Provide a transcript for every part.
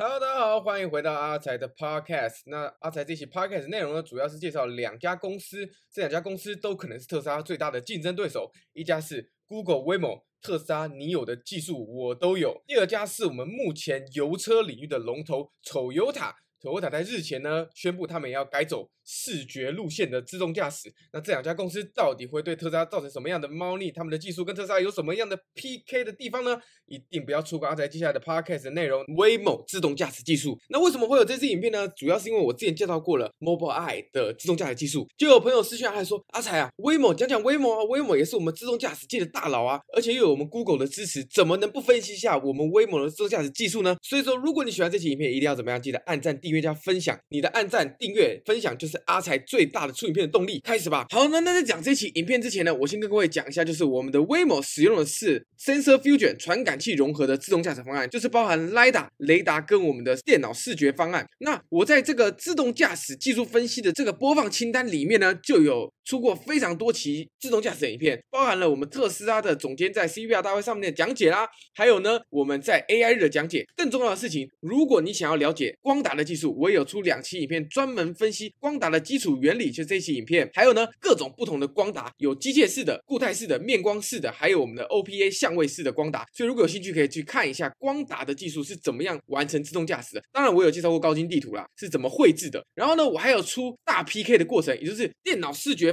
Hello，大家好，歡迎回到阿財的 Podcast。那阿財這期 Podcast 內容呢，主要是介紹兩家公司，這兩家公司都可能是特斯拉最大的競爭對手。一家是 Google Waymo，特斯拉你有的技術我都有；第二家是我們目前油車領域的龍頭、Toyota，丑油塔。可我拉在日前呢宣布，他們也要改走視覺路線的自動駕駛。那這兩家公司到底會對特斯拉造成什麼樣的貓膩？他們的技術跟特斯拉有什麼樣的 PK 的地方呢？一定不要錯過阿財接下來的 Podcast 的內容。Waymo 自動駕駛技術。那為什麼會有這支影片呢？主要是因為我之前介紹過了 Mobileye 的自動駕駛技術。就有朋友私訊、啊、阿財說：“阿財啊 Waymo 講講 Waymo 啊 Waymo 也是我們自動駕駛界的大佬啊，而且又有我們 Google 的支持，怎麼能不分析一下我們 Waymo 的自動駕駛技術呢？”所以說，如果你喜歡這期影片，一定要怎麼樣？記得按讚。第訂閱加分享，你的按讚、訂閱、分享，就是阿財最大的出影片的動力。開始吧。好，那在講這期影片之前呢，我先跟各位講一下，就是我們的 Waymo 使用的是 Sensor Fusion 傳感器融合的自動駕駛方案，就是包含 Lidar、雷達跟我們的電腦視覺方案。那我在這個自動駕駛技術分析的這個播放清單裡面呢，就有。出過非常多期自動駕駛的影片，包含了我們特斯拉的總監在 C V R 大會上面的講解啦，還有呢我們在 A I 日的講解。更重要的事情，如果你想要了解光達的技術，我也有出兩期影片專門分析光達的基礎原理，就是這期影片。還有呢各種不同的光達，有機械式的、固態式的、面光式的，還有我們的 O P A 相位式的光達。所以如果有興趣可以去看一下光達的技術是怎麼樣完成自動駕駛的。當然我有介紹過高精地圖啦，是怎麼繪制的。然後呢我還有出大 P K 的過程，也就是電腦視覺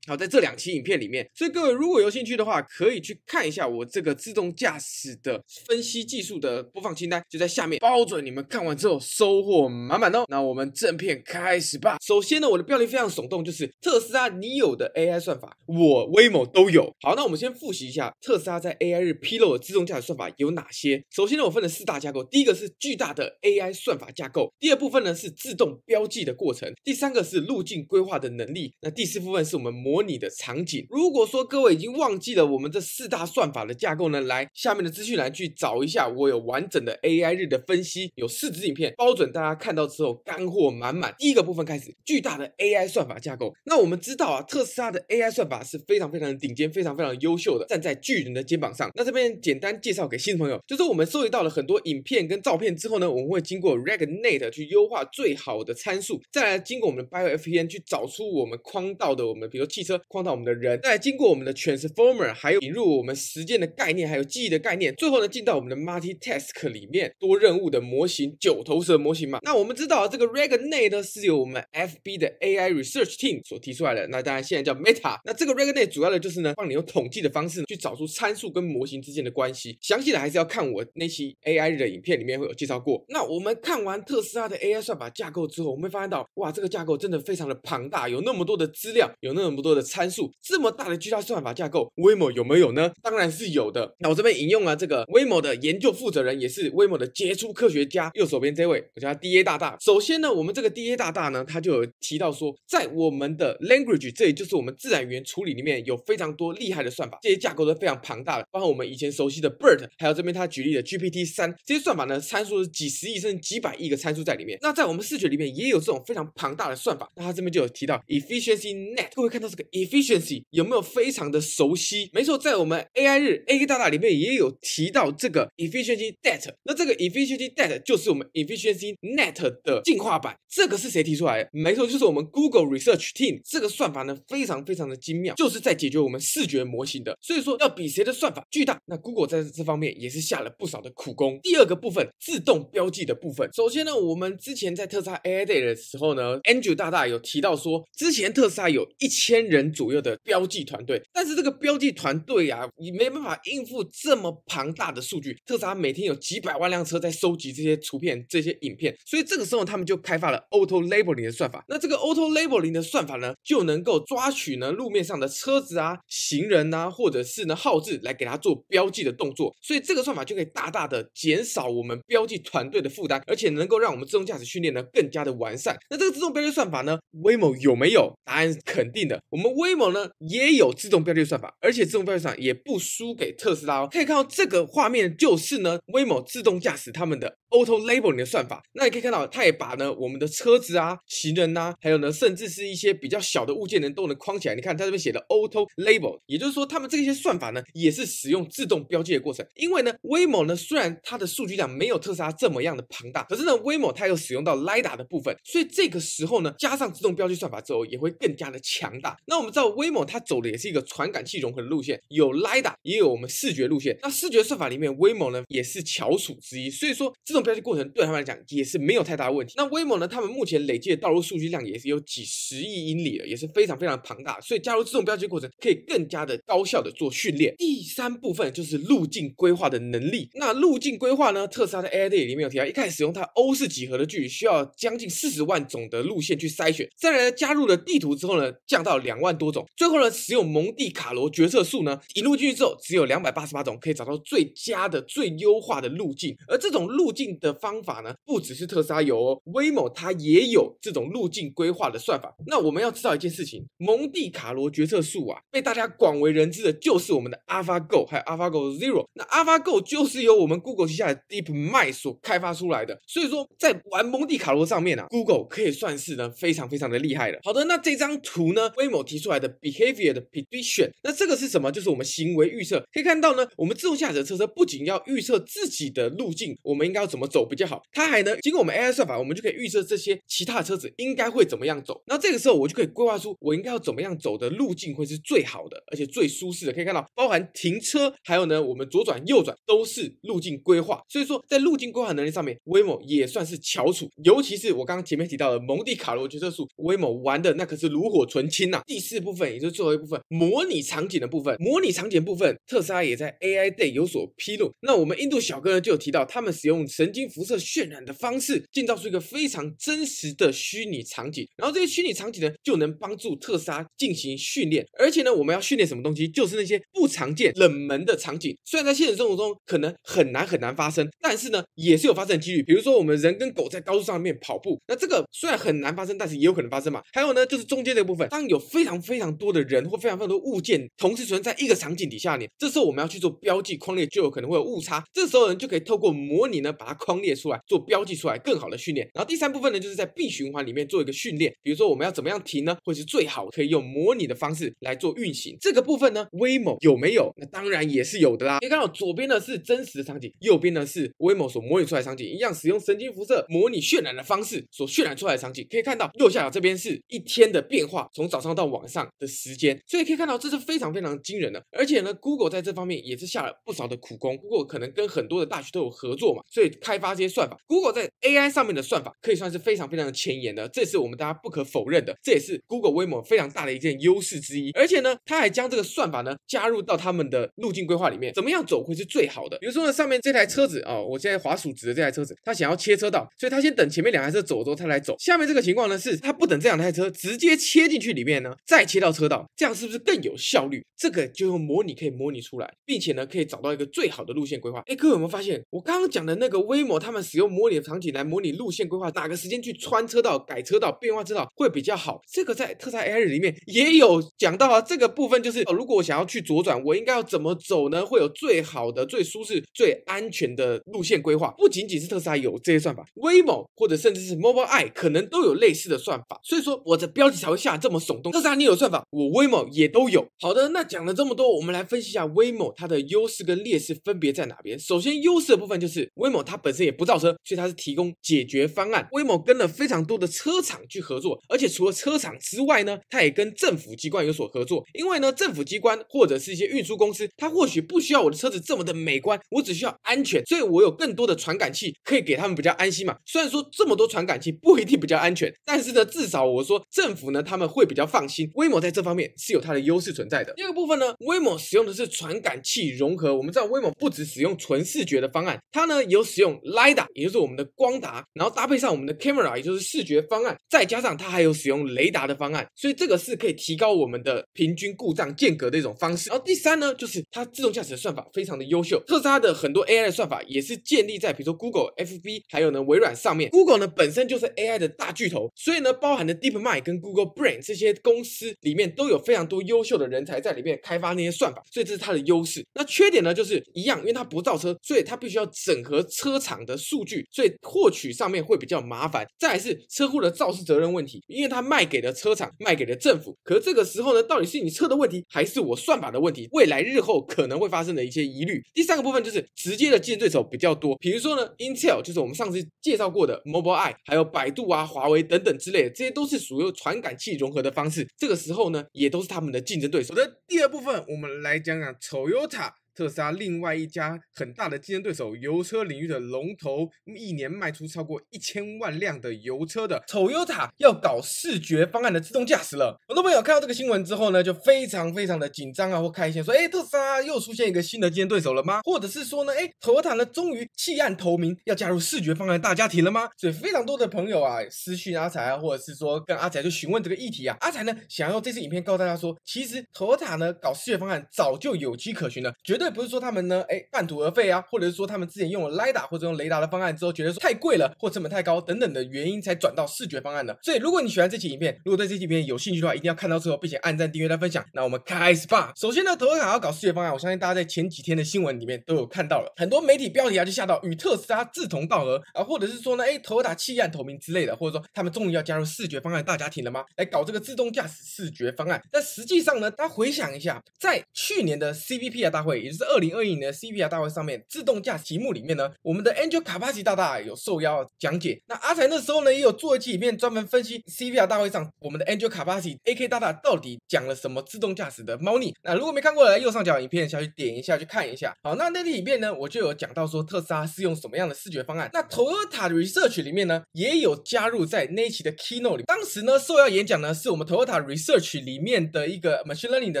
好，在這兩期影片裡面，所以各位如果有興趣的話，可以去看一下我這個自動駕駛的分析技術的播放清單，就在下面，包準你們看完之後收穫滿滿哦。那我們正片開始吧。首先呢，我的標題非常聳動，就是特斯拉你有的 AI 算法，我 Waymo 都有。好，那我們先複習一下特斯拉在 AI 日披露的自動駕駛算法有哪些。首先呢，我分了四大架構，第一個是巨大的 AI 算法架構，第二部分呢是自動標記的過程，第三個是路徑規劃的能力，那第四部分是我們模。模擬的場景。如果說各位已經忘記了我們這四大算法的架構呢，來下面的資訊欄去找一下，我有完整的 AI 日的分析，有四支影片，包準大家看到之後乾貨滿滿。第一個部分開始，巨大的 AI 算法架構。那我們知道啊，特斯拉的 AI 算法是非常非常頂尖，非常非常優秀的，站在巨人的肩膀上。那這邊簡單介紹給新朋友，就是我們收集到了很多影片跟照片之後呢，我們會經過 RegNet 去優化最好的參數，再來經過我們的 BiFPN 去找出我們框到的我們，比如汽車。框到我們的人，再經過我們的 Transformer，還有引入我們時間的概念，還有記憶的概念，最後呢進到我們的 Multi Task 裡面，多任務的模型，九頭蛇模型嘛。那我們知道這個 RegNet 是由我們 FB 的 AI Research Team 所提出來的，那當然現在叫 Meta。那這個 RegNet 主要的就是呢，幫你用統計的方式去找出參數跟模型之間的關係。詳細的還是要看我那期 AI 的影片裡面會有介紹過。那我們看完特斯拉的 AI 算法架構之後，我們會發現到哇，這個架構真的非常的龐大，有那麼多的資料，有那麼多的。參數這麼大的巨大算法架構，Waymo 有沒有呢？當然是有的。那我這邊引用了這個 Waymo 的研究負責人，也是 Waymo 的傑出科學家，右手邊這位，我叫他 DA 大大。首先呢，我們這個 DA 大大呢，他就有提到說，在我們的 language，這裡就是我們自然語言處理裡面有非常多厲害的算法，這些架構都非常龐大了，包括我們以前熟悉的 BERT，還有這邊他舉例的 GPT 三，這些算法呢，參數是幾十億甚至幾百億個參數在裡面。那在我們視覺裡面也有這種非常龐大的算法，那他這邊就有提到 EfficiencyNet，各位看到 Efficiency 有沒有非常的熟悉？沒錯，在我們 AI 日 AI 大大裡面也有提到這個 Efficiency Data，那這個 Efficiency Data 就是我們 Efficiency Net 的進化版。這個是誰提出來的？沒錯，就是我們 Google Research Team。這個算法呢，非常非常的精妙，就是在解決我們視覺模型的。所以說要比誰的算法巨大，那 Google 在這方面也是下了不少的苦功。第二個部分，自動標記的部分。首先呢，我們之前在特斯拉 AI Day 的時候呢，Andrew 大大有提到說，之前特斯拉有一千。人左右的標記團隊，但是這個標記團隊啊，你沒辦法應付這麼龐大的數據，特斯拉每天有幾百萬輛車在收集這些圖片、這些影片，所以這個時候他們就開發了 Auto Labeling 的算法。那這個 Auto Labeling 的算法呢，就能夠抓取呢路面上的車子啊、行人吶、啊，或者是呢號誌來給它做標記的動作，所以這個算法就可以大大的減少我們標記團隊的負擔，而且能夠讓我們自動駕駛訓練呢更加的完善。那這個自動標記算法呢，Waymo 有沒有？答案是肯定的。我們 Waymo 呢也有自動標記算法，而且自動標記算法也不輸給特斯拉哦。可以看到這個畫面就是呢 Waymo 自動駕駛他們的 Auto Label 的算法。那你可以看到他也把呢我們的車子啊、行人吶、啊，還有呢甚至是一些比較小的物件，能都能框起來。你看它這邊寫的 Auto Label，也就是說他們這些算法呢也是使用自動標記的過程。因為呢 Waymo 呢雖然它的數據量沒有特斯拉這麼樣的龐大，可是呢 Waymo 它又使用到 Lidar 的部分，所以這個時候呢加上自動標記算法之後，也會更加的強大。那我們知道 Waymo 它走的也是一個傳感器融合的路線，有 Lidar 也有我們視覺路線。那視覺算法裡面 Waymo 呢也是翹楚之一，所以說自動標記過程對他們來講也是沒有太大的問題。那 Waymo 呢，他們目前累計的道路數據量也是有幾十億英里的，也是非常非常龐大，所以加入自動標記過程可以更加的高效的做訓練。第三部分就是路徑規劃的能力。那路徑規劃呢，特斯拉的 AI Day 裡面有提到，一開始用它歐式幾何的距離需要將近四十萬種的路線去篩選，再來呢加入了地圖之後呢，降到兩。萬多種，最後呢，使用蒙蒂卡羅決策樹呢，引入進去之後，只有兩百八十八種可以找到最佳的、最優化的路徑。而這種路徑的方法呢，不只是特斯拉有哦，Waymo 他它也有這種路徑規劃的算法。那我們要知道一件事情，蒙蒂卡羅決策樹啊，被大家廣為人知的就是我們的 AlphaGo 還有 AlphaGo Zero。那 AlphaGo 就是由我們 Google 旗下的 DeepMind 所開發出來的，所以說在玩蒙蒂卡羅上面啊，Google 可以算是呢非常非常的厲害的。好的，那這張圖呢，Waymo 提出來的 behavior 的 prediction，那這個是什麼？就是我們行為預測。可以看到呢，我們自動駕駛的車車不僅要預測自己的路徑，我們應該要怎麼走比較好，它還能經過我們 AI 算法，我們就可以預測這些其他車子應該會怎麼樣走。那這個時候，我就可以規劃出我應該要怎麼樣走的路徑會是最好的，而且最舒適的。可以看到，包含停車，還有呢，我們左轉、右轉都是路徑規劃。所以說，在路徑規劃能力上面 w 某 m o 也算是翹楚。尤其是我剛剛前面提到的蒙蒂卡羅決策術，w 某 m o 玩的那可是爐火純青吶、啊。第四部分，也就是最後一部分，模擬場景的部分。模擬場景部分，特斯拉也在 AI Day 有所披露。那我們印度小哥呢，就有提到他們使用神經輻射渲染的方式，建造出一個非常真實的虛擬場景。然後這些虛擬場景呢，就能幫助特斯拉進行訓練。而且呢，我們要訓練什麼東西？就是那些不常見、冷門的場景。雖然在現實生活中可能很難很難發生，但是呢，也是有發生的幾率。比如說我們人跟狗在高速上面跑步，那這個雖然很難發生，但是也有可能發生嘛。還有呢，就是中間這個部分，當有非常非常非常多的人或非常非常多物件，同時存在一個場景底下呢，這時候我們要去做標記框列，就有可能會有誤差。這時候人就可以透過模擬呢，把它框列出來做標記出來，更好的訓練。然後第三部分呢，就是在閉循環裡面做一個訓練，比如說我們要怎麼樣停呢？或者是最好可以用模擬的方式來做運行。這個部分呢，Waymo 有沒有？那當然也是有的啦。可以看到左邊呢是真實的場景，右邊呢是 Waymo 所模擬出來的場景，一樣使用神經輻射模擬渲染的方式所渲染出來的場景。可以看到右下角這邊是一天的變化，從早上到。網上的時間，所以可以看到這是非常非常驚人的，而且呢，Google 在這方面也是下了不少的苦功。Google 可能跟很多的大學都有合作嘛，所以開發這些算法。Google 在 AI 上面的算法可以算是非常非常的前沿的，這是我們大家不可否認的，這也是 Google Waymo 非常大的一件優勢之一。而且呢，他還將這個算法呢加入到他們的路徑規劃裡面，怎麼樣走會是最好的。比如說呢，上面這台車子啊、哦，我現在滑鼠指的這台車子，他想要切車道，所以他先等前面兩台車走的時候，他來走。下面這個情況呢，是他不等這兩台車，直接切進去裡面呢。再切到車道，這樣是不是更有效率？這個就用模擬可以模擬出來，並且呢，可以找到一個最好的路線規劃。哎，各位有沒有發現，我剛剛講的那個 Waymo 他們使用模擬的場景來模擬路線規劃，哪個時間去穿車道、改車道、變化車道會比較好？這個在特斯拉 AI 裡面也有講到啊。這個部分就是，如果我想要去左轉，我應該要怎麼走呢？會有最好的、最舒適、最安全的路線規劃。不僅僅是特斯拉有這些算法，Waymo 或者甚至是 Mobile Eye 可能都有類似的算法。所以說我的標題才會下這麼聳動，這那你有算法，我 Waymo 也都有。好的，那講了這麼多，我們來分析一下 Waymo 它的優勢跟劣勢分別在哪邊。首先，優勢的部分就是 Waymo 它本身也不造車，所以它是提供解決方案。Waymo 跟了非常多的車廠去合作，而且除了車廠之外呢，它也跟政府機關有所合作。因為呢，政府機關或者是一些運輸公司，它或許不需要我的車子這麼的美觀，我只需要安全，所以我有更多的傳感器可以給他們比較安心嘛。雖然說這麼多傳感器不一定比較安全，但是呢，至少我說政府呢，他們會比較放心。Waymo 在這方面是有它的優勢存在的。第二個部分呢，Waymo 使用的是傳感器融合。我們知道 Waymo 不只使用純視覺的方案，它呢有使用 Lidar 也就是我們的光達，然後搭配上我們的 camera，也就是視覺方案，再加上它還有使用雷達的方案，所以這個是可以提高我們的平均故障間隔的一種方式。然後第三呢，就是它自動駕駛的算法非常的優秀，特斯拉的很多 AI 的算法也是建立在比如說 Google、FB 還有呢微軟上面。Google 呢本身就是 AI 的大巨頭，所以呢包含的 DeepMind 跟 Google Brain 這些公司司裡面都有非常多優秀的人才在裡面開發那些算法，所以這是它的優勢。那缺點呢，就是一樣，因為它不造車，所以它必須要整合車廠的數據，所以獲取上面會比較麻煩。再來是車禍的肇事責任問題，因為它賣給了車廠，賣給了政府，可是這個時候呢，到底是你車的問題，還是我算法的問題？未來日後可能會發生的一些疑慮。第三個部分就是直接的競爭對手比較多，比如說呢，Intel 就是我們上次介紹過的 Mobileye，還有百度啊、華為等等之類的，這些都是屬於傳感器融合的方式。這個時候呢，也都是他們的競爭對手。的第二部分，我們來講講 Toyota。特斯拉另外一家很大的競爭對手，油車領域的龍頭，一年賣出超過一千萬輛的油車的，Toyota 要搞視覺方案的自動駕駛了。很多朋友看到這個新聞之後呢，就非常非常的緊張啊，或開心說：“哎、欸，特斯拉又出現一個新的競爭對手了嗎？或者是說呢，哎、欸，Toyota 呢終於棄暗投明，要加入視覺方案大家庭了嗎？”所以非常多的朋友啊，私訊阿財啊，或者是說跟阿財就詢問這個議題啊。阿財呢，想要用這次影片告訴大家說，其實 Toyota 呢搞視覺方案早就有跡可循了，絕對。不是說他們呢，哎，半途而廢啊，或者是說他們之前用了 Lidar 或者用雷達的方案之後，覺得說太貴了或成本太高等等的原因才轉到視覺方案的。所以如果你喜歡這期影片，如果對這期影片有興趣的話，一定要看到最後，並且按讚、訂閱、來分享。那我們開始吧。首先呢，Toyota 要搞視覺方案，我相信大家在前幾天的新聞裡面都有看到了，很多媒體標題啊就嚇到與特斯拉、啊、志同道合啊，或者是說呢，哎，Toyota 棄暗投明之類的，或者說他們終於要加入視覺方案大家庭了嗎？來搞這個自動駕駛視覺方案？但實際上呢，大家回想一下，在去年的 CVP 啊大會也是。是二零二一年 C V R 大會上面自動駕駛題目裡面呢，我們的 Angel 卡巴奇大大有受邀講解。那阿財那時候呢也有做一期影片，專門分析 C V R 大會上我們的 Angel 卡巴奇 A K 大大到底講了什麼自動駕駛的貓膩。那如果沒看過的，來右上角影片下去點一下去看一下。好，那那期裡面呢，我就有講到說特斯拉是用什麼樣的視覺方案。那 Toyota 的 Research 裡面呢也有加入在那期的 Keynote 裡。當時呢受邀演講呢是我們 Toyota Research 裡面的一個 Machine Learning 的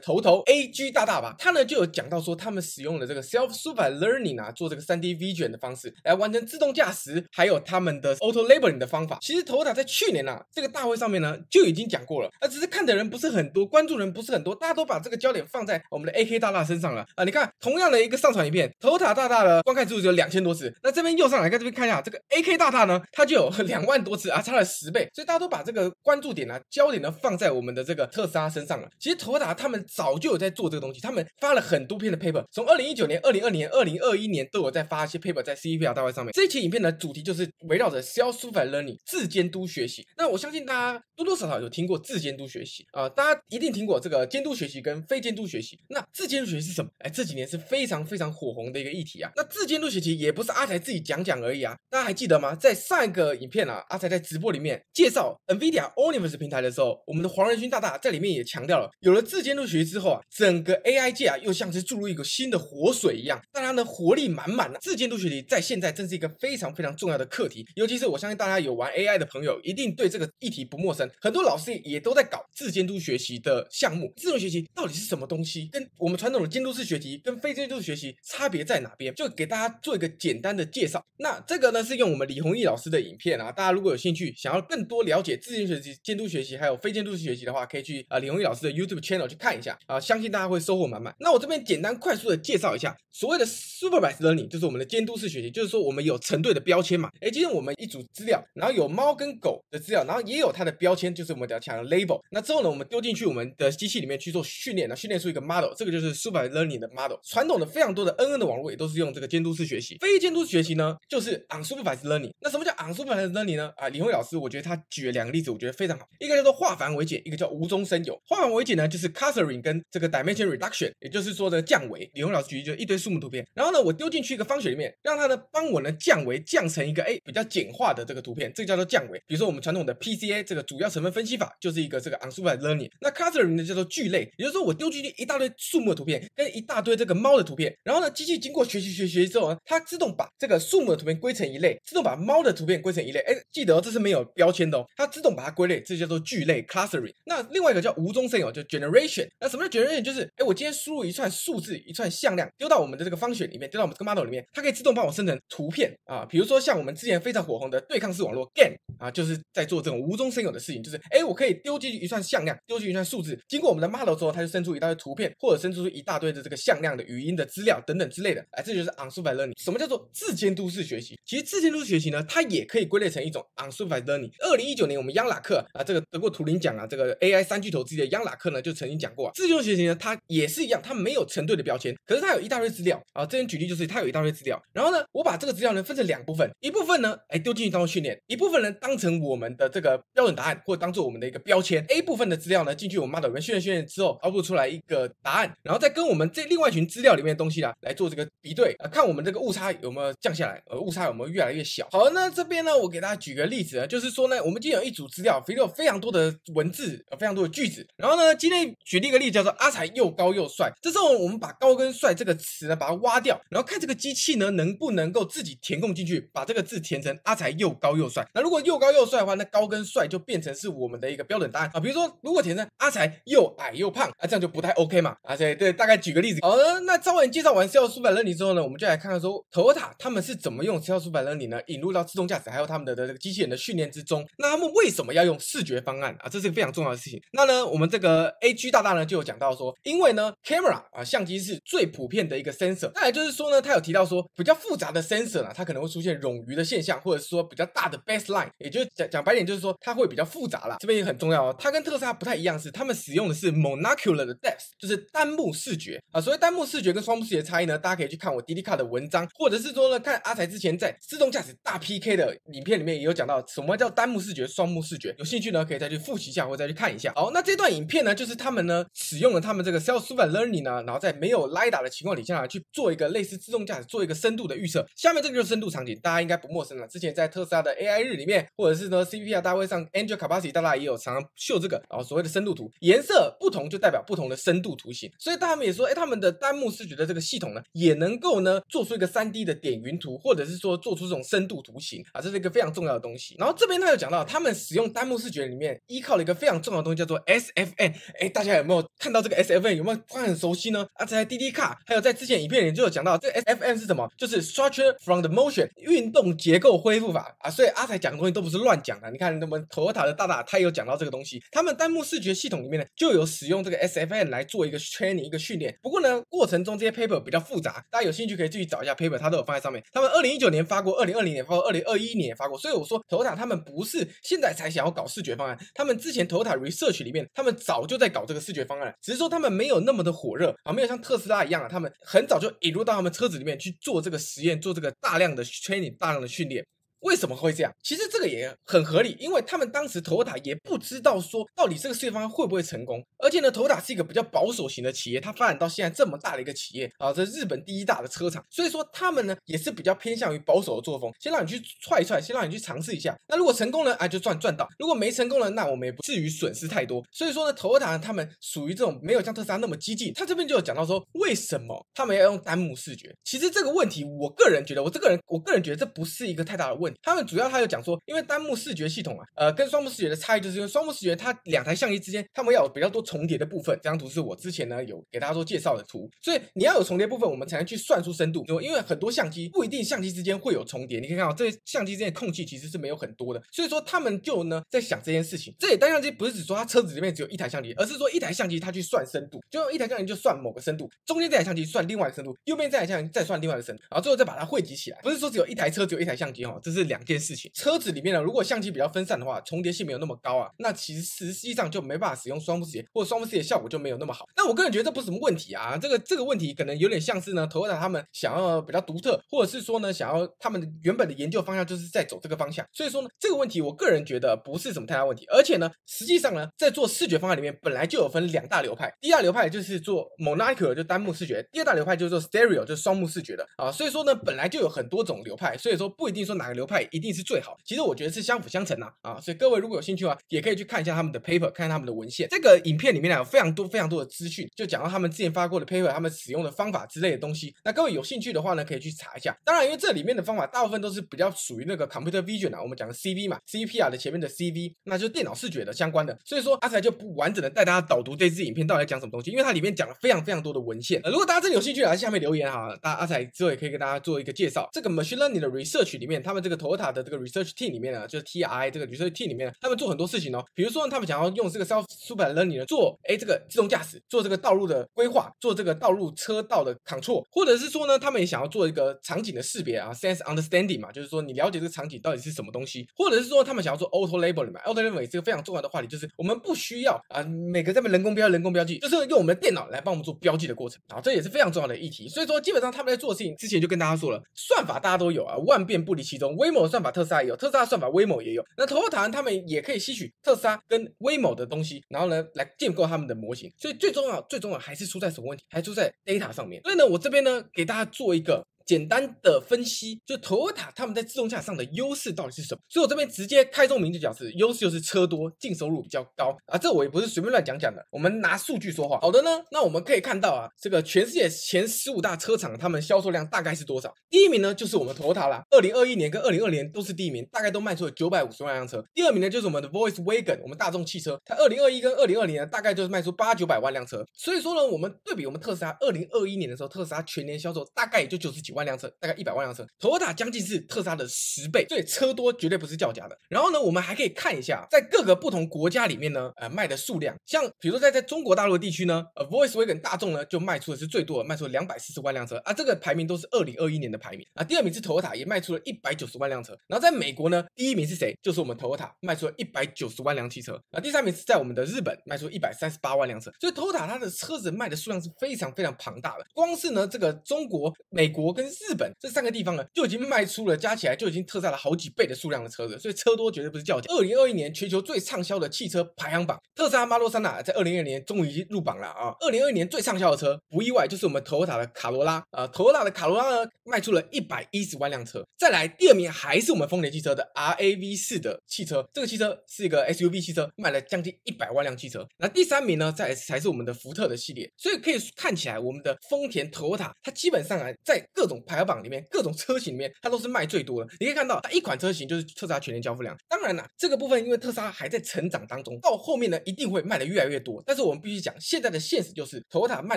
頭頭 A G 大大吧，他呢就有講到說他們，使用的這個 self super learning 啊，做這個 3D vision 的方式來完成自動駕駛，還有他們的 auto labeling 的方法。其實 Toyota 在去年啊這個大會上面呢就已經講過了，啊只是看的人不是很多，關注人不是很多，大家都把這個焦點放在我們的 AK 大大身上了啊。你看同樣的一個上傳影片，Toyota 大大的觀看次數只有兩千多次，那這邊右上來看這邊看一下這個 AK 大大呢，它就有兩萬多次啊，差了十倍。所以大家都把這個關注點呢、啊，焦點呢放在我們的這個特斯拉身上了。其實 Toyota 他們早就有在做這個東西，他們發了很多篇的 paper。從二零一九年、二零二零年、二零二一年都有在發一些 paper 在 CVPR 大會上面。這期影片的主題就是圍繞着 self-supervised learning 自監督學習。那我相信大家多多少少有聽過自監督學習啊、呃，大家一定聽過這個監督學習跟非監督學習。那自監督學習是什麼？哎，這幾年是非常非常火紅的一個議題啊。那自監督學習也不是阿才自己講講而已啊，大家還記得嗎？在上一個影片啊，阿才在直播裡面介紹 NVIDIA Omniverse 平台的時候，我們的黃仁勳大大在裡面也強調了，有了自監督學習之後啊，整個 AI 界啊又像是注入一股。新的活水一樣，大家呢活力滿滿啊。自監督學習在現在真是一個非常非常重要的課題，尤其是我相信大家有玩 AI 的朋友一定對這個議題不陌生。很多老師也都在搞自監督學習的項目。自監督學習到底是什麼東西？跟我們傳統的監督式學習跟非監督式學習差別在哪邊？就給大家做一個簡單的介紹。那這個呢是用我們李宏毅老師的影片啊，大家如果有興趣想要更多了解自監督學習、監督學習還有非監督式學習的話，可以去啊、呃、李宏毅老師的 YouTube channel 去看一下啊、呃，相信大家會收穫滿滿。那我這邊簡單快速。做介紹一下，所謂的 supervised learning 就是我們的監督式學習，就是說我們有成對的標籤嘛，誒，今天我們一組資料，然後有貓跟狗的資料，然後也有它的標籤，就是我們比較講的 label。那之後呢，我們丟進去我們的機器裡面去做訓練，那訓練出一個 model，這個就是 supervised learning 的 model。傳統的非常多的 NN 的網絡也都是用這個監督式學習，非監督式學習呢，就是 unsupervised learning。那什麼叫 unsupervised learning 呢？啊，李宏毅老師我覺得他舉了兩個例子，我覺得非常好，一個叫做化繁為簡，一個叫無中生有。化繁為簡呢，就是 clustering 跟這個 dimension reduction，也就是說的降維。李宏老師舉例就是，一堆樹木圖片，然後呢，我丟進去一個方學裡面，讓它呢幫我呢降維降成一個哎，欸、比較簡化的這個圖片，這個叫做降維。比如說我們傳統的 PCA 這個主要成分分析法就是一個這個 unsupervised learning。那 clustering 呢叫做聚類，也就是說我丟進去一大堆樹木的圖片跟一大堆這個貓的圖片，然後呢機器經過學習學學習之後呢，它自動把這個樹木的圖片歸成一類，自動把貓的圖片歸成一類。哎，欸，記得、哦、這是沒有標籤的，哦，它自動把它歸類，這叫做聚類 clustering。那另外一個叫無中生有，哦，就 generation。那什麼叫 generation？就是哎，欸、我今天輸入一串數字一串，向量丟到我們的這個方選裡面，丟到我們這個 model 裡面，它可以自動幫我生成圖片啊，比如說像我們之前非常火紅的對抗式網絡 GAN 啊，就是在做這種無中生有的事情，就是哎，我可以丟進去一串向量，丟進去一串數字，經過我們的 model 之後，它就生出一大堆圖片，或者生出一大堆的這個向量的語音的資料等等之類的，哎，這就是 unsupervised learning。什麼叫做自監督式學習？其實自監督式學習呢，它也可以歸類成一種 unsupervised learning。二零一九年，我們楊拉克啊，這個得過圖靈獎啊，這個 AI 三巨頭之一的楊拉克呢，就曾經講過啊，自監督學習呢，它也是一樣，它沒有成對的標籤。可是它有一大堆資料啊，這邊舉例就是它有一大堆資料，然後呢，我把這個資料呢分成兩部分，一部分呢，哎丟進去當做訓練，一部分呢，當成我們的這個標準答案或當做我們的一個標籤。A 部分的資料呢進去我們 model 裡面訓練訓練之後，發布出，出來一個答案，然後再跟我們這另外一群資料裡面的東西呢來做這個比對啊，看我們這個誤差有沒有降下來，呃，誤差有沒有越來越小。好呢，那這邊呢，我給大家舉個例子啊，就是說呢，我們今天有一組資料，肥面有非常多的文字非常多的句子，然後呢，今天舉例一個例子叫做阿財又高又帥，這時候我們把高跟“帥”這個詞呢，把它挖掉，然後看這個機器呢，能不能夠自己填空進去，把這個字填成“阿財又高又帥”。那如果又高又帥的話，那“高”跟“帥”就變成是我們的一個標準答案啊。比如說，如果填成“阿財又矮又胖”，啊，這樣就不太 OK 嘛。啊，所以，對，大概舉個例子。好的，那招完介紹完 self-supervised learning 之後呢，我們就來看看說，Toyota 他們是怎麼用 self-supervised learning 呢，引入到自動駕駛還有他們的這個機器人的訓練之中。那他們為什麼要用視覺方案啊？這是個非常重要的事情。那呢，我們這個 A G 大大呢就有講到說，因為呢，camera 啊，相機是。最普遍的一個 sensor，那也就是說呢，他有提到說比較複雜的 sensor 啊，它可能會出現冗餘的現象，或者說比較大的 baseline，也就講講白點就是說它會比較複雜啦，這邊也很重要哦，它跟特斯拉不太一樣是，是他們使用的是 monocular 的 depth，就是單目視覺啊。所謂單目視覺跟雙目視覺差異呢，大家可以去看我 DDCAR 的文章，或者是說呢看阿財之前在自動駕駛大 PK 的影片裡面也有講到什麼叫單目視覺、雙目視覺，有興趣呢可以再去複習一下或者再去看一下。好，那這段影片呢就是他們呢使用了他們這個 self-supervised learning，呢然後在沒有 Lidar 的情況底下去做一個類似自動駕駛，做一個深度的預測。下面這個就是深度場景，大家應該不陌生了。之前在特斯拉的 A I 日裡面，或者是呢 C V P R 大會上 Andrej Karpathy 大大也有常常秀這個，啊，所謂的深度圖，顏色不同就代表不同的深度圖形。所以他們也說，哎、欸，他們的單目視覺的這個系統呢，也能夠呢做出一個三 D 的點雲圖，或者是說做出這種深度圖形啊，這是一個非常重要的東西。然後這邊他有講到，他們使用單目視覺裡面，依靠了一個非常重要的東西，叫做 S F M。哎、欸，大家有沒有看到這個 S F M？有沒有覺得很熟悉呢？啊，這台滴滴。還有在之前影片裡就有講到，這個 S F M 是什麼？就是 Structure from the Motion 運動結構恢復法啊！所以阿財講的東西都不是亂講的。你看，我們 Toyota 的大大他也有講到這個東西，他們單目視覺系統裡面呢就有使用這個 S F M 來做一個 training 一個訓練。不過呢，過程中這些 paper 比較複雜，大家有興趣可以自己找一下 paper，他都有放在上面。他們二零一九年發過，二零二零年發過，二零二一年也發過。所以我說 Toyota 他們不是現在才想要搞視覺方案，他們之前 Toyota research 裡面他們早就在搞這個視覺方案了，只是說他們沒有那麼的火熱啊，沒有像特斯拉大一樣啊，他們很早就引入到他們車子裡面去做這個實驗，做這個大量的 training，大量的訓練。為什麼會這樣？其實這個也很合理，因為他們當時 Toyota 也不知道說到底這個事業方會不會成功，而且呢，Toyota 是一個比較保守型的企業，它發展到現在這麼大的一個企業啊，這是日本第一大的車廠，所以說他們呢也是比較偏向於保守的作風，先讓你去踹一踹，先讓你去嘗試一下。那如果成功了啊，就賺賺到；如果沒成功了，那我們也不至於損失太多。所以說呢，Toyota 他們屬於這種沒有像特斯拉那麼激進。他這邊就有講到說，為什麼他們要用單目視覺？其實這個問題，我個人覺得，我這個人，我個人覺得這不是一個太大的問題。他們主要他有講說，因為單目視覺系統啊，呃，跟雙目視覺的差異就是，因為雙目視覺它兩台相機之間，他們要有比較多重疊的部分。這張圖是我之前呢有給大家做介紹的圖，所以你要有重疊部分，我們才能去算出深度。因為很多相機不一定相機之間會有重疊，你可以看到這些相機之間的空隙其實是沒有很多的，所以說他們就呢在想這件事情。這裡單相機不是指說它車子裡面只有一台相機，而是說一台相機它去算深度，就用一台相機就算某個深度，中間這台相機算另外一個深度，右邊這台相機再算另外的深度，然後最後再把它汇集起來。不是說只有一台車只有一台相機哈，這是。兩件事情，車子裡面呢，如果相機比較分散的話，重疊性沒有那麼高啊，那其實實際上就沒辦法使用雙目視覺，或者雙目視覺效果就沒有那麼好。那我個人覺得這不是什麼問題啊，這個這個問題可能有點像是呢，Toyota 他們想要比較獨特，或者是說呢，想要他們原本的研究方向就是在走這個方向，所以說呢，這個問題我個人覺得不是什麼太大問題。而且呢，實際上呢，在做視覺方案裡面，本來就有分兩大流派，第一大流派就是做 monocular 就單目視覺，第二大流派就是做 stereo 就雙目視覺的啊，所以說呢，本來就有很多種流派，所以說不一定說哪個流派派一定是最好，其實我覺得是相輔相成吶、啊，啊，所以各位如果有興趣的話，也可以去看一下他們的 paper，看下他們的文獻。這個影片裡面呢、啊、有非常多非常多的資訊，就講到他們之前發過的 paper，他們使用的方法之類的東西。那各位有興趣的話呢，可以去查一下。當然，因為這裡面的方法大部分都是比較屬於那個 computer vision 啊，我們講的 CV 嘛，CVPR 的前面的 CV，那就是電腦視覺的相關的。所以說阿財就不完整的帶大家導讀這支影片到底在講什麼東西，因為它裡面講了非常非常多的文獻。呃、如果大家真的有興趣的話，來在下面留言哈，大家阿財之後也可以跟大家做一個介紹。這個 machine learning 的 research 裡面，他們這個 Toyota 的這個 research team 裡面呢、啊，就是 TRI 這個 research team 裡面、啊，他們做很多事情哦。比如說，他們想要用這個 self-supervised learning 做，哎、欸，這個自動駕駛，做這個道路的規劃，做這個道路車道的 control，或者是說呢，他們也想要做一個場景的識別啊，sense understanding 嘛，就是說你了解這個場景到底是什麼東西，或者是說他們想要做 auto labeling，auto labeling 是一個非常重要的話題，就是我們不需要啊、呃，每個這麼人工標人工標記，就是用我們的電腦來幫我們做標記的過程啊，這也是非常重要的議題。所以說，基本上他們在做事情之前就跟大家說了，算法大家都有啊，萬變不離其宗。Waymo 算法，特斯拉也有，特斯拉算法 Waymo 也有，那 Toyota 他們也可以吸取特斯拉跟 Waymo 的東西，然後呢來建構他們的模型。所以最重要、最重要還是出在什麼問題？還出在 data 上面。所以呢，我這邊呢給大家做一個簡單的分析，就 Toyota 他們在自動駕駛上的優勢到底是什麼？所以我這邊直接開宗明義就表示，優勢就是車多，淨收入比較高啊。這我也不是隨便亂講講的，我們拿數據說話。好的呢，那我們可以看到啊，這個全世界前十五大車廠，他們銷售量大概是多少？第一名呢就是我們 Toyota 啦，二零二一年跟二零二零年都是第一名，大概都賣出了九百五十萬輛車。第二名呢就是我們的 Volkswagen 我們大眾汽車，它二零二一跟二零二零年大概就是賣出八九百萬輛車。所以說呢，我們對比我們特斯拉二零二一年的時候，特斯拉全年銷售大概也就九十九。100萬輛車，大概一百萬輛車，Toyota 將近是特斯拉的十倍，所以車多絕對不是叫假的。然後呢，我們還可以看一下，在各個不同國家裡面呢，呃，賣的數量，像比如說在在中國大陸地區呢，呃、uh,，Volkswagen 大眾呢就賣出的是最多的，賣出了兩百四十萬輛車啊，這個排名都是二零二一年的排名啊。第二名是 Toyota，也賣出了一百九十萬輛車。然後在美國呢，第一名是誰？就是我們 Toyota 賣出了一百九十萬輛汽車。啊，第三名是在我們的日本賣出了一百三十八萬輛車。所以 Toyota 它的車子賣的數量是非常非常龐大的，光是呢這個中國、美國跟日本這三個地方呢，就已經賣出了，加起來就已經特斯拉了好幾倍的數量的車子，所以車多絕對不是叫價。二零二一年全球最暢銷的汽車排行榜，特斯拉 Model 3在二零二一年終於入榜了啊！二零二一年最暢銷的車，不意外就是我們 Toyota 的卡羅拉啊，Toyota 的卡羅拉呢賣出了一百一十萬輛車。再來第二名還是我們豐田汽車的 RAV 四的汽車，這個汽車是一個 SUV 汽車，賣了將近一百萬輛汽車。那第三名呢，再來才是我們的福特的系列，所以可以看起來我們的豐田、Toyota，它基本上啊在各種。排行榜裡面各種車型裡面，它都是賣最多的。你可以看到，它一款車型就是特斯拉全年交付量。當然了啊，這個部分因為特斯拉還在成長當中，到後面呢一定會賣的越來越多。但是我們必須講，現在的現實就是，Toyota 賣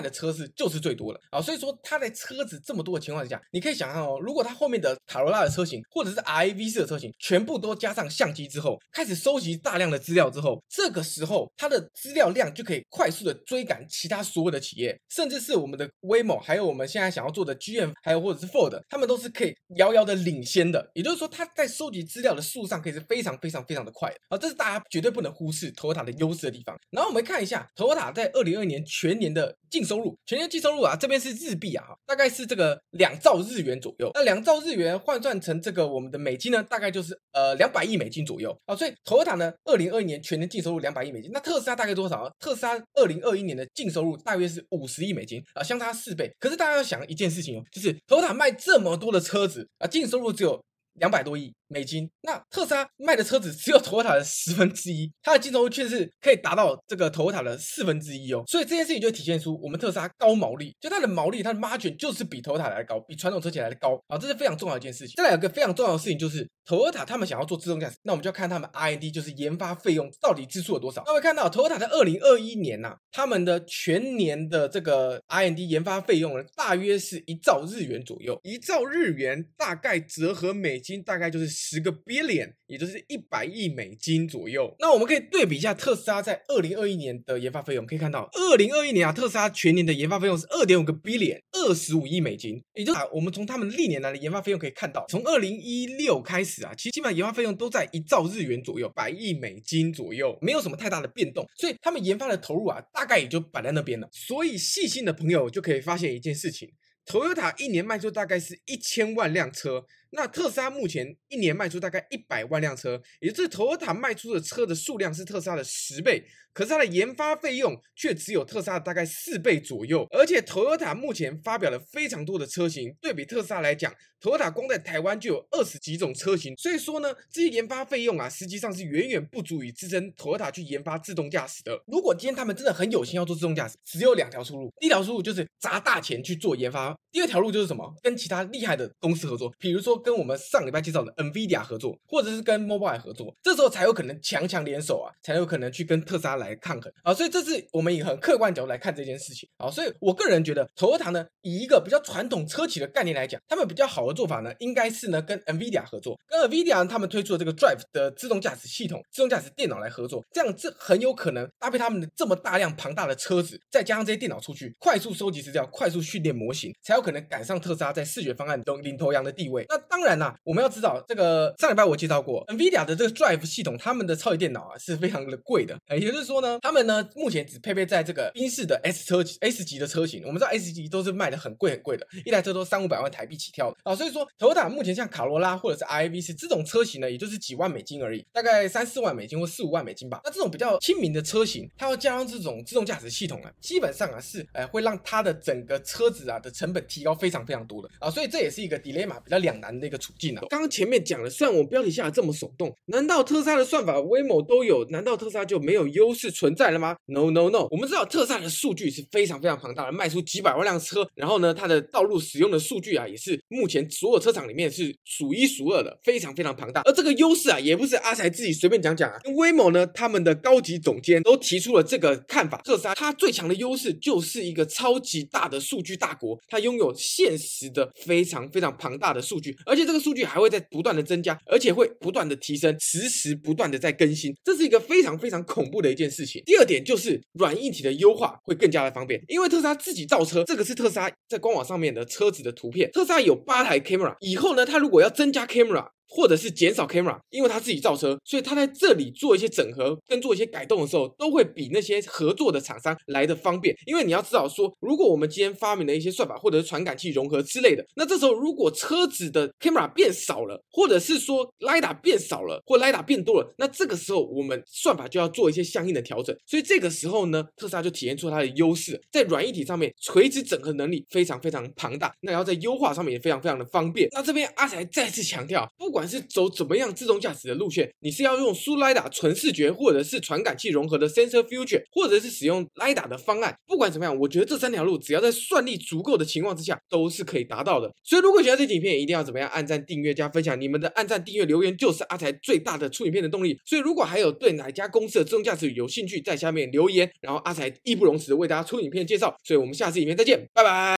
的車是就是最多了啊。所以說，它在車子這麼多的情況下，你可以想象哦，如果它後面的卡羅拉的車型，或者是 RAV4 的車型，全部都加上相機之後，開始收集大量的資料之後，這個時候它的資料量就可以快速的追趕其他所有的企業，甚至是我們的 Waymo，還有我們現在想要做的 GM，還有。或者是 Ford，他們都是可以遙遙的領先的，也就是說，他在收集資料的速度上可以是非常非常非常的快的。啊，這是大家絕對不能忽視 Toyota 的優勢的地方。然後我們一看一下 Toyota 在2021年全年的淨收入，全年淨收入啊，這邊是日幣啊，大概是這個兩兆日元左右。那兩兆日元換算成這個我們的美金呢，大概就是呃兩百億美金左右。啊，所以 Toyota 呢，2021年全年淨收入兩百億美金。那特斯拉大概多少啊？特斯拉2021年的淨收入大約是五十億美金，啊，相差四倍。可是大家要想一件事情哦，就是。我咋賣這麼多的車子啊？淨收入只有兩百多億美金，那特斯拉賣的車子只有 Toyota 的十分之一，它的淨利率卻是可以達到這個 Toyota 的四分之一哦，所以這件事情就會體現出我們特斯拉高毛利，就它的毛利，它的 Margin 就是比 Toyota 來的高，比傳統車企來的高，啊、哦，這是非常重要一件事情。再來有個非常重要的事情就是，Toyota 他們想要做自動駕駛，那我們就要看他們 R&D 就是研发費用到底支出了多少。那會看到 Toyota 在二零二一年吶、啊，他們的全年的這個 R&D 研发費用呢，大約是一兆日元左右，一兆日元大概折合美金。大概就是十個 billion，也就是一百億美金左右。那我們可以對比一下特斯拉在二零二一年的研發費用，可以看到二零二一年啊，特斯拉全年的研發費用是二點五個 billion，二十五億美金。也就是啊，我們從他們歷年來的研發費用可以看到，從二零一六開始啊，其實基本上研發費用都在一兆日元左右，百億美金左右，沒有什麼太大的變動。所以他們研發的投入啊，大概也就擺在那邊了。所以細心的朋友就可以發現一件事情，Toyota 一年賣出大概是一千萬輛車。那特斯拉目前一年賣出大概一百萬輛車，也就是 Toyota 賣出的車的數量是特斯拉的十倍，可是它的研發費用卻只有特斯拉的大概四倍左右。而且，Toyota 目前發表了非常多的車型，對比特斯拉來講，Toyota 光在台灣就有二十幾種車型。所以說呢，這些研發費用啊，實際上是遠遠不足以支撐 Toyota 去研發自動駕駛的。如果今天他們真的很有心要做自動駕駛，只有兩條出路：第一條出路就是砸大錢去做研發；第二條路就是什麼？跟其他厲害的公司合作，比如說。跟我們上禮拜介紹的 Nvidia 合作，或者是跟 Mobileye 合作，這時候才有可能強強聯手啊，才有可能去跟特斯拉來抗衡啊。所以這是我們以很客觀角度來看這件事情啊。所以我個人覺得，Toyota 呢，以一個比較傳統車企的概念來講，他們比較好的做法呢，應該是呢跟 Nvidia 合作，跟 Nvidia 他們推出的這個 Drive 的自動駕駛系統、自動駕駛電腦來合作，這樣這很有可能搭配他們的這麼大量龐大的車子，再加上這些電腦出去，快速收集資料，快速訓練模型，才有可能趕上特斯拉在視覺方案中領頭羊的地位。那當然啦、啊，我們要知道這個上禮拜我介紹過 Nvidia 的這個 Drive 系統，他們的超級電腦啊是非常的貴的、欸，也就是說呢，他們呢目前只配備在這個賓士的 S 車 S 級的車型。我們知道 S 級都是賣的很貴很貴的，一台車都三五百萬台幣起跳的啊，所以說頭 a 目前像卡羅拉或者是 iV 是這種車型呢，也就是幾萬美金而已，大概三四萬美金或四五萬美金吧。那這種比較親民的車型，它要加上這種自動駕駛系統啊，基本上啊，是哎、欸、會讓它的整個車子啊的成本提高非常非常多的啊，所以這也是一個 d i l e m 嘛，a 比較兩難的。那個處境呢、啊？剛剛前面講了，雖然我標題下這麼聳動，難道特斯拉的算法 Waymo 都有？難道特斯拉就沒有優勢存在了嗎？No No No，我們知道特斯拉的數據是非常非常龐大的，賣出幾百萬輛車，然後呢，它的道路使用的數據啊，也是目前所有車廠裡面是數一數二的，非常非常龐大。而這個優勢啊，也不是阿財自己隨便講講啊，因為 Waymo 呢，他們的高級總監都提出了這個看法，特斯拉它最強的優勢就是一個超級大的數據大國，它擁有現實的非常非常龐大的數據。而且這個數據還會在不斷的增加，而且會不斷的提升，時時不斷的在更新，這是一個非常非常恐怖的一件事情。第二點就是軟硬體的優化會更加的方便，因為特斯拉自己造車，這個是特斯拉在官網上面的車子的圖片。特斯拉有八台 camera，以後呢，它如果要增加 camera。或者是減少 camera，因為他自己造車，所以他在這裡做一些整合跟做一些改動的時候，都會比那些合作的廠商來得方便。因為你要知道說，如果我們今天發明了一些算法，或者是傳感器融合之類的，那這時候如果車子的 camera 變少了，或者是說 lidar 變少了，或 lidar 變多了，那這個時候我們算法就要做一些相應的調整。所以這個時候呢，特斯拉就體現出它的優勢，在軟硬體上面垂直整合能力非常非常龐大，那然後在優化上面也非常非常的方便。那這邊阿財再次強調，不管不管是走怎麼樣自動駕駛的路線，你是要用純光達、純視覺，或者是傳感器融合的 sensor fusion 或者是使用光達的方案。不管怎麼樣，我覺得這三條路，只要在算力足夠的情況之下，都是可以達到的。所以，如果喜歡這影片，一定要怎麼樣？按讚、訂閱、加分享。你們的按讚、訂閱、留言，就是阿財最大的出影片的動力。所以，如果還有對哪家公司的自動駕駛有興趣，在下面留言，然後阿財義不容辭為大家出影片介紹。所以我們下次影片再見，拜拜。